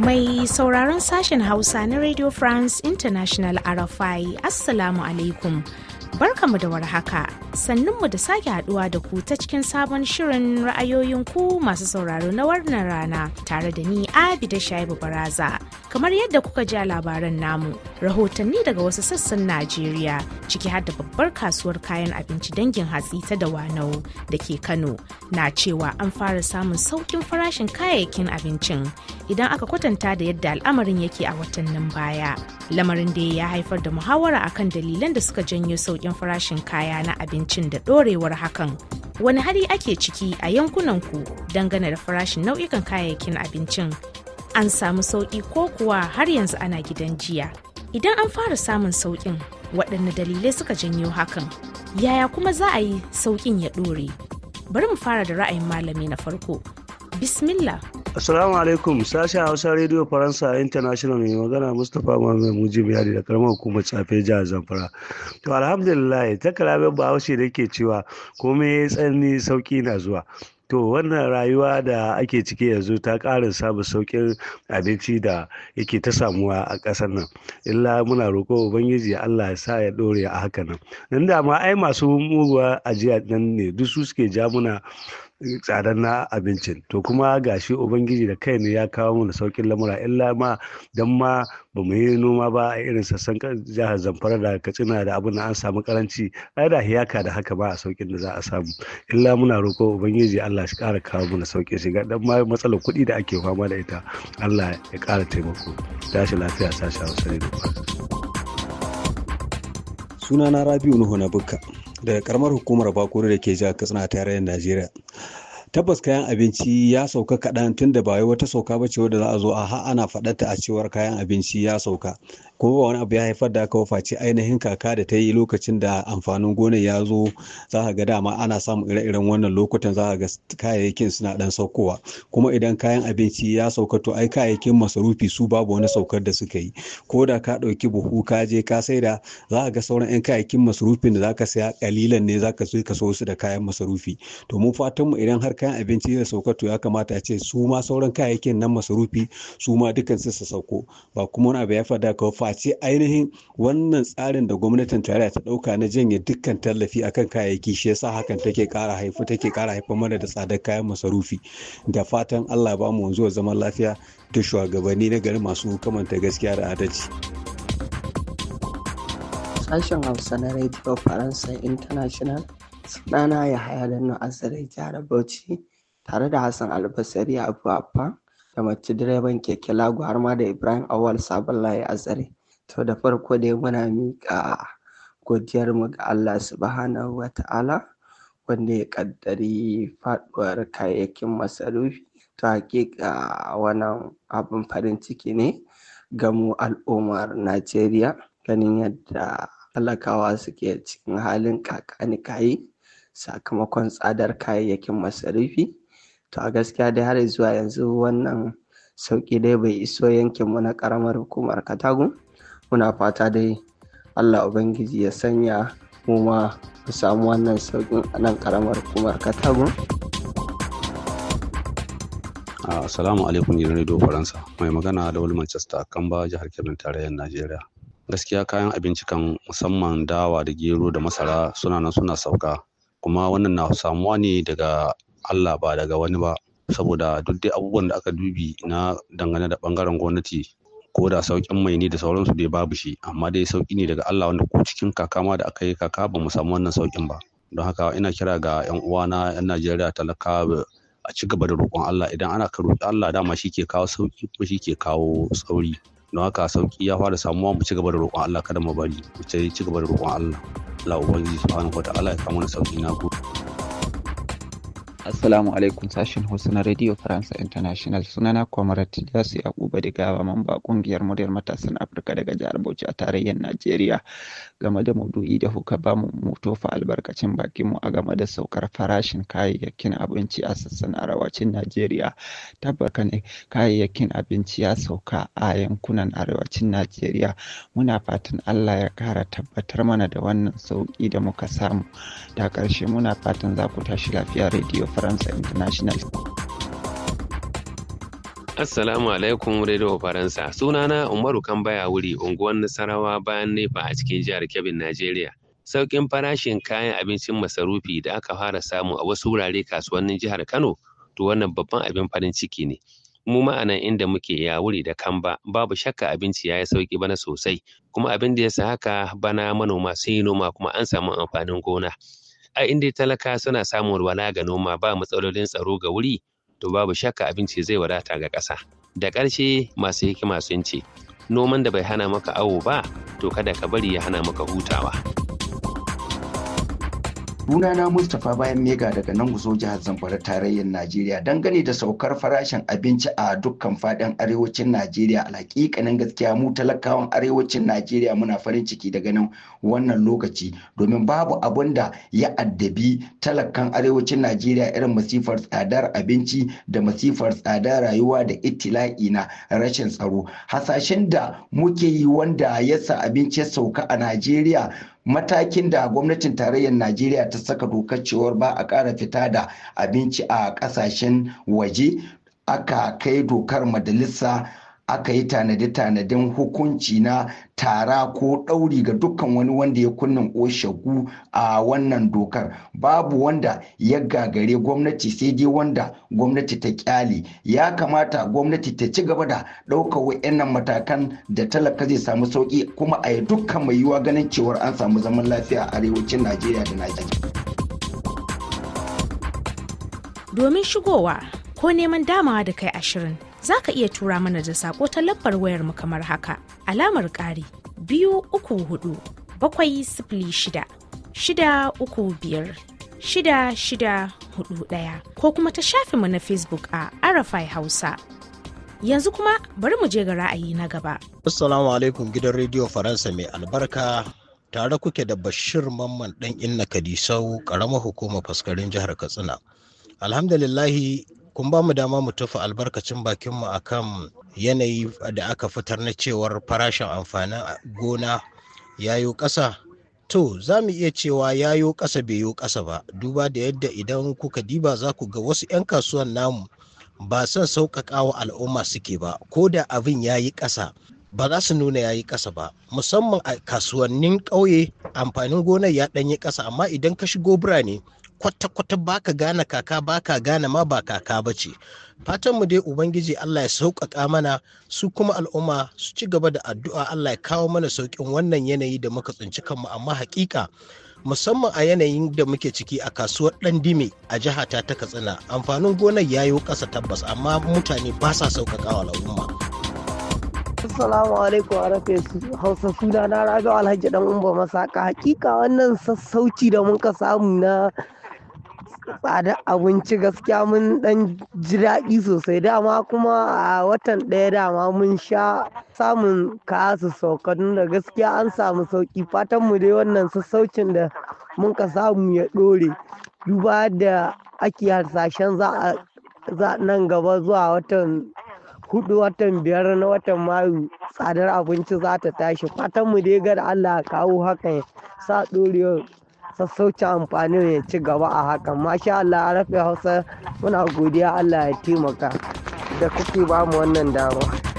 Mai sauraron sashen Hausa na Radio France International RFI, Assalamu alaikum, barkamu da warhaka. sannunmu da sake haduwa da ku ta cikin sabon shirin ra'ayoyin ku masu sauraro na wannan rana tare da ni abi da shaibu baraza kamar yadda kuka ji a labaran namu rahotanni daga wasu sassan najeriya ciki har da babbar kasuwar kayan abinci dangin hatsi ta da dawanau da ke kano na cewa an fara samun saukin farashin kayayyakin abincin idan aka kwatanta da yadda al'amarin yake a watan nan baya lamarin da ya haifar da muhawara akan dalilan da suka janyo saukin farashin kaya na abinci abincin da ɗorewar hakan. Wani hari ake ciki a yankunan ku dangane da farashin nau'ikan kayayyakin abincin? An samu sauƙi ko kuwa har yanzu ana gidan jiya? Idan an fara samun sauƙin, waɗanne dalilai suka janyo hakan? Yaya kuma za a yi sauƙin ya ɗore? Bari mu fara da ra'ayin malami na farko. Bismillah Assalamu alaikum sashen Hausa rediyo Faransa International mai magana Mustapha Muhammad Mujib Yadi da karamar hukumar Tsafe jihar Zamfara. To alhamdulillah ta kalamin Bahaushe da ke cewa komai tsanni sauki na zuwa. to wannan rayuwa da ake ciki yanzu ta ƙara samun sauƙin abinci da yake ta samuwa a ƙasar nan illa muna roƙo ubangiji allah ya sa ya ɗore a haka nan nan da ma ai masu muguwa ajiya nan ne duk su suke ja muna tsadar na abincin to kuma gashi ubangiji da kai ne ya kawo mu da saukin lamura illa ma dan ma ba mu yi noma ba a irin sassan jihar zamfara da katsina da abin da an samu karanci ai da hiyaka da haka ba a saukin da za a samu illa muna roƙo ubangiji Allah shi kara kawo mu da sauki shi ga dan ma matsalar kuɗi da ake fama da ita Allah ya kara taimako tashi lafiya sashi a wasu ne sunana Rabiu Nuhu na Bukka daga karamar hukumar bakuri da ke jihar katsina tarayyar najeriya tabbas kayan abinci ya sauka kaɗan tunda da ba wata sauka ba ce wadda za a zo a ana faɗata a cewar kayan abinci ya sauka kuma ba wani abu ya haifar da aka face ainihin kaka da ta yi lokacin da amfanin gonar ya zo za ka ga dama ana samun ire-iren wannan lokutan za ka ga kayayyakin suna dan saukowa kuma idan kayan abinci ya sauka to ai kayayyakin masarufi su babu wani saukar da suka yi ko da ka ɗauki buhu ka je ka saida za ka ga sauran 'yan kayayyakin masarufin da za ka saya kalilan ne za ka so ka so su da kayan masarufi to mu fatan mu idan har kayan abinci ya sauka to ya kamata a ce su ma sauran kayayyakin nan masarufi su ma dukkan su sauko ba kuma wani abu ya faɗa ka face ainihin wannan tsarin da gwamnatin tarayya ta ɗauka na janye dukkan tallafi akan kayayyaki shi yasa hakan take kara haifu take kara haifar mana da tsadar kayan masarufi da fatan Allah ba mu wanzuwa zaman lafiya da shugabanni na gari masu kamanta gaskiya da adalci. Sashen Hausa na Radio Faransa International sunana ya haya da nu'azirai jihar Bauchi tare da Hassan Albasari Abu da mace direban keke lagu har ma da Ibrahim Awal Sabon Laye Azare. To da farko dai muna miƙa godiyarmu ga Allah subhanahu wa ta'ala wanda ya ƙaddari faɗuwar kayayyakin masarufi. To hakika wannan abin farin ciki ne ga mu al'ummar Najeriya ganin yadda talakawa suke cikin halin kakani kayi sakamakon tsadar kayayyakin masarufi. To a gaskiya dai har zuwa yanzu wannan sauƙi dai bai iso yankinmu na ƙaramar hukumar Katagun. muna fata dai allah ubangiji ya sanya kuma mu samu wannan saukin a nan karamar kumar katagun ah, Assalamu alaikum gidan Radio Faransa. Mai magana da wani Manchester Kamba jihar Kebbi tarayyar Najeriya. Gaskiya kayan abinci kan musamman dawa da gero da masara suna nan suna sauka. Kuma wannan na samuwa ne daga Allah ba daga wani ba. Saboda duk dai abubuwan da aka dubi na dangane da bangaren gwamnati ko da sauƙin mai ne da sauransu dai babu shi amma dai sauƙi ne daga Allah wanda ko cikin kaka da aka yi kaka ba mu samu wannan sauƙin ba don haka ina kira ga yan uwana yan Najeriya talaka a ci gaba da roƙon Allah idan ana ka roƙi Allah dama shi ke kawo sauƙi kuma shi ke kawo tsauri don haka sauƙi ya fara samuwa mu ci gaba da roƙon Allah kada mu bari mu ci gaba da roƙon Allah Allah ubangiji subhanahu wataala ya kawo mana sauƙi na gode Assalamu alaikum sashen Hausa na Radio France International sunana Comrade Yasu Yakuba da gawa mamba kungiyar muryar matasan Afirka daga jihar Bauchi a tarayyar Najeriya game da maudu'i da huka ba mu mu albarkacin bakin mu a game da saukar farashin kayayyakin abinci a sassan arewacin Najeriya tabbaka ne kayayyakin abinci ya sauka a yankunan arewacin Najeriya muna fatan Allah ya kara tabbatar mana da wannan sauki da muka samu da ƙarshe muna fatan za ku tashi lafiya Radio faransa international Assalamu alaikum Radio Faransa. Sunana Umaru Kambaya wuri unguwar Nasarawa bayan nefa a cikin jihar Kebbi, Najeriya. Saukin farashin kayan abincin masarufi da aka fara samu a wasu wurare kasuwannin jihar Kano, to wannan babban abin farin ciki ne. Mu ma'ana inda muke ya wuri da kamba babu shakka abinci ya yi sauƙi bana sosai, kuma abin da ya sa haka bana manoma sun yi noma kuma an samu amfanin gona. a inda talaka suna samun walwala ga noma ba matsalolin tsaro ga wuri to babu shakka abinci zai wadata ga ƙasa da ƙarshe masu hikima sun ce noman da bai hana maka awo ba to kada ka bari ya hana maka hutawa sunana mustapha bayan mega daga nan guzo jihar zamfara tarayyar najeriya dangane da saukar farashin abinci a dukkan fadin arewacin najeriya a hakikanin gaskiya mu talakawan arewacin najeriya muna farin ciki da ganin wannan lokaci domin babu abin da ya addabi talakan arewacin najeriya irin masifar tsadar abinci da masifar tsadar rayuwa da itila'i na rashin tsaro hasashen da muke yi wanda ya sa abinci ya sauka a najeriya matakin da gwamnatin tarayyar najeriya ta saka dokar cewar ba a ƙara fita da abinci a ƙasashen waje aka kai dokar majalisa aka yi tanade-tanaden hukunci na tara ko ɗauri ga dukkan wani wanda ya kunnan oshagu a wannan dokar babu wanda ya gagare gwamnati sai dai wanda gwamnati ta kyale ya kamata gwamnati ta ci gaba da ɗaukar wa'annan matakan da talaka zai samu sauki kuma a yi dukkan mai yiwuwa ganin cewar an samu zaman lafiya a arewacin najeriya da najeriya domin shigowa ko neman damawa da kai ashirin za ka iya tura mana da saƙo ta lambar wayar mu kamar haka alamar ƙari biyu uku hudu bakwai sifili shida shida uku biyar shida shida hudu ɗaya ko kuma ta mu na facebook a arafai hausa yanzu kuma bari mu je ga ra'ayi na gaba. Assalamu alaikum gidan rediyo Faransa mai albarka tare kuke da Bashir Mamman ɗan Inna Kadisau ƙaramar hukumar faskarin jihar Katsina. Alhamdulillahi kun ba mu dama mu tufa albarkacin bakinmu a kan yanayi da aka fitar na cewar farashin amfanin gona yayo ƙasa to za mu iya cewa yayo ƙasa bai yo ƙasa ba duba da yadda idan kuka diba za ku ga wasu 'yan kasuwan namu ba son sauƙaƙa al'umma suke ba ko da abin ya yi ƙasa ba za su nuna ya yi ƙasa ba musamman a kasuwannin ƙauye amfanin gonar ya ɗanyi ƙasa amma idan ka shigo birane kwata-kwata ba ka gane kaka ba ka gane ma ba kaka ba ce fatanmu mu dai ubangiji Allah ya sauƙaƙa mana su kuma al'umma su ci gaba da addu'a Allah ya kawo mana sauƙin wannan yanayi da muka tsinci kanmu amma hakika musamman a yanayin da muke ciki a kasuwar ɗan dime a jiha ta ta katsina amfanin gonar ya yi ƙasa tabbas amma mutane ba sa wa al'umma Assalamu alaikum a rafe Hausa suna na Rabi'u Alhaji dan Umba Masaka hakika wannan sassauci da muka samu na tsadar abinci gaskiya mun ɗan ji daɗi sosai dama kuma a watan ɗaya dama mun sha samun kaya su saukan da gaskiya an samu sauki fatan mu dai wannan sassaucin da mun ka samu ya ɗore duba da ake hasashen za a za nan gaba zuwa watan hudu watan biyar na watan mayu tsadar abinci za ta tashi fatan mu dai ga Allah kawo hakan sa ɗorewar sassauci amfanin ya ci gaba a hakan masha Allah a rafe hausa muna godiya Allah ya taimaka da kuke ba mu wannan dama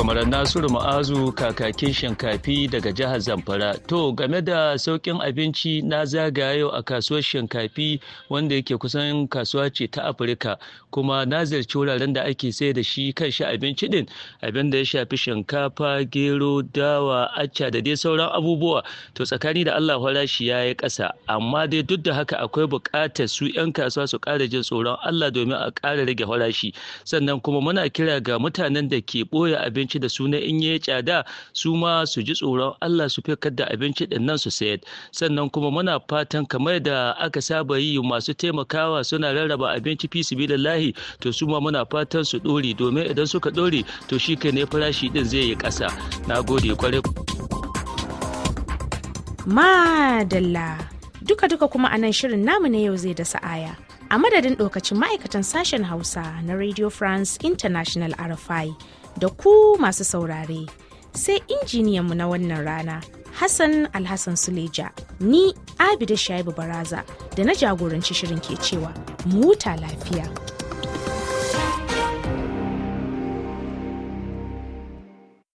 kwamaran nasiru ma'azu kakakin shinkafi daga jihar zamfara to game da sauƙin abinci na zagayo a kasuwar shinkafi wanda yake kusan kasuwa ce ta afirka kuma na ziyarci wuraren da ake sai da shi kan shi abinci din abin da ya shafi shinkafa gero dawa acca da dai sauran abubuwa to tsakani da allah farashi ya yi ƙasa amma dai duk da haka akwai buƙatar su 'yan kasuwa su ƙara jin tsoron allah domin a ƙara rage farashi sannan kuma muna kira ga mutanen da ke ɓoye abinci abinci da suna in ya tsada su ma su ji tsoron Allah su fikar da abinci din nan su sayar sannan kuma muna fatan kamar da aka saba yi masu taimakawa suna rarraba abinci fi lahi, to su ma muna fatan su dori domin idan suka dore to shi kai ne farashi din zai yi ƙasa nagode kwarai madalla duka-duka kuma a nan shirin namu na yau zai da sa'aya a madadin ɗokacin ma'aikatan sashen hausa na radio france international rfi da ku masu saurare sai injiniyanmu na wannan rana Hassan Alhassan Suleja ni Abida Shaibu Baraza da na jagoranci shirin ke cewa muta lafiya.